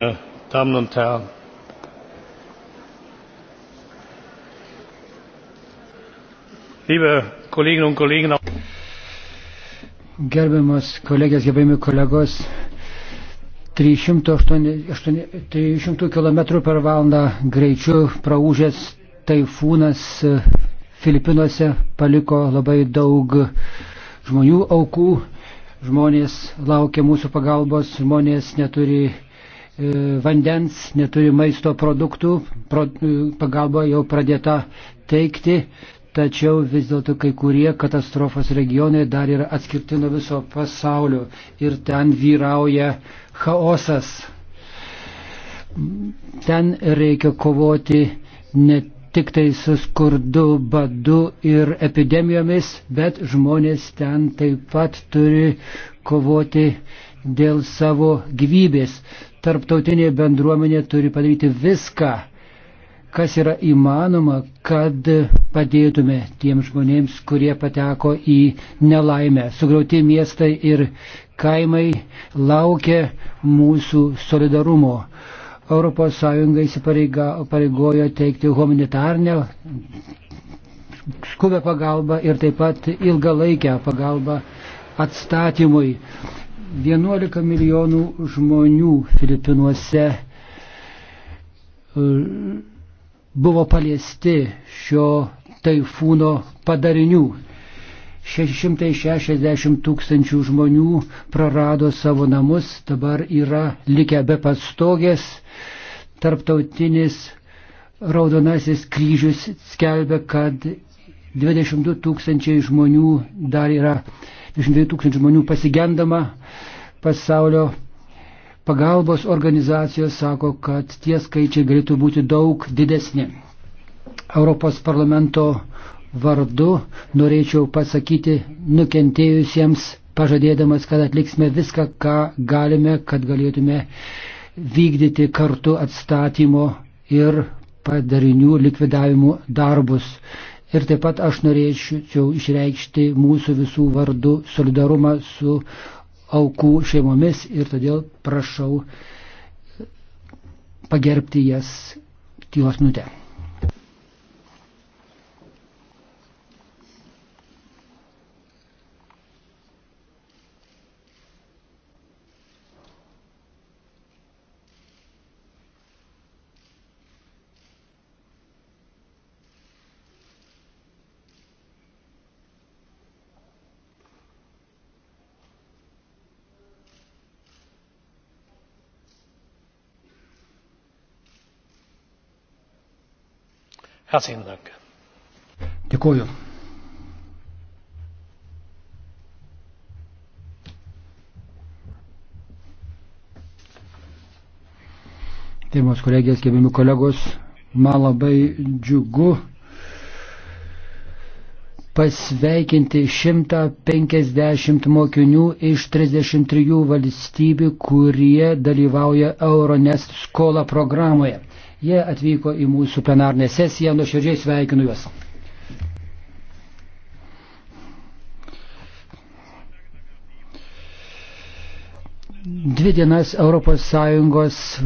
meine damen und herren! liebe kolleginnen und kollegen! gerbiamos kolegės gerbiami kolegos trys šimtų kilometrų per valandą greičiu praūžęs taifūnas e, filipinuose paliko labai daug žmonių aukų žmonės laukia mūsų pagalbos žmonės neturi E, vandens, neturi maisto produktų, e, pagalba jau pradėta teikti, tačiau vis dėlto kai kurie katastrofos regionai dar yra atskirti nuo viso pasaulio ir ten vyrauja chaosas. Ten reikia kovoti ne tik tai su skurdu, badu ir epidemijomis, bet žmonės ten taip pat turi kovoti dėl savo gyvybės tarptautinė bendruomenė turi padaryti viską, kas yra įmanoma, kad padėtume tiems žmonėms, kurie pateko į nelaimę. Sugriauti miestai ir kaimai laukia mūsų solidarumo. ES įsipareigojo teikti humanitarnę skubę pagalbą ir taip pat ilgalaikę pagalbą atstatymui. 11 milijonų žmonių Filipinuose e, buvo paliesti šio taifūno padarinių. 660 tūkstančių žmonių prarado savo namus, dabar yra likę be pastogės. Tarptautinis Raudonasis kryžius skelbia, kad 22 tūkstančiai žmonių dar yra 22 tūkstančių žmonių pasigendama pasaulio pagalbos organizacijos sako, kad tie skaičiai galėtų būti daug didesni. Europos parlamento vardu norėčiau pasakyti nukentėjusiems, pažadėdamas, kad atliksime viską, ką galime, kad galėtume vykdyti kartu atstatymo ir padarinių likvidavimų darbus. Ir taip pat aš norėčiau išreikšti mūsų visų vardų solidarumą su aukų šeimomis ir todėl prašau pagerbti jas tylos minutę. Herzlichen Dank. Dėkuoju. Gerbiamas kolegės, gerbiami kolegos, man labai džiugu pasveikinti 150 mokinių iš 33 valstybių, kurie dalyvauja Euronest skola programoje. Jie atvyko į mūsų plenarnę sesiją, nuoširdžiai sveikinu juos. Dvi dienas ES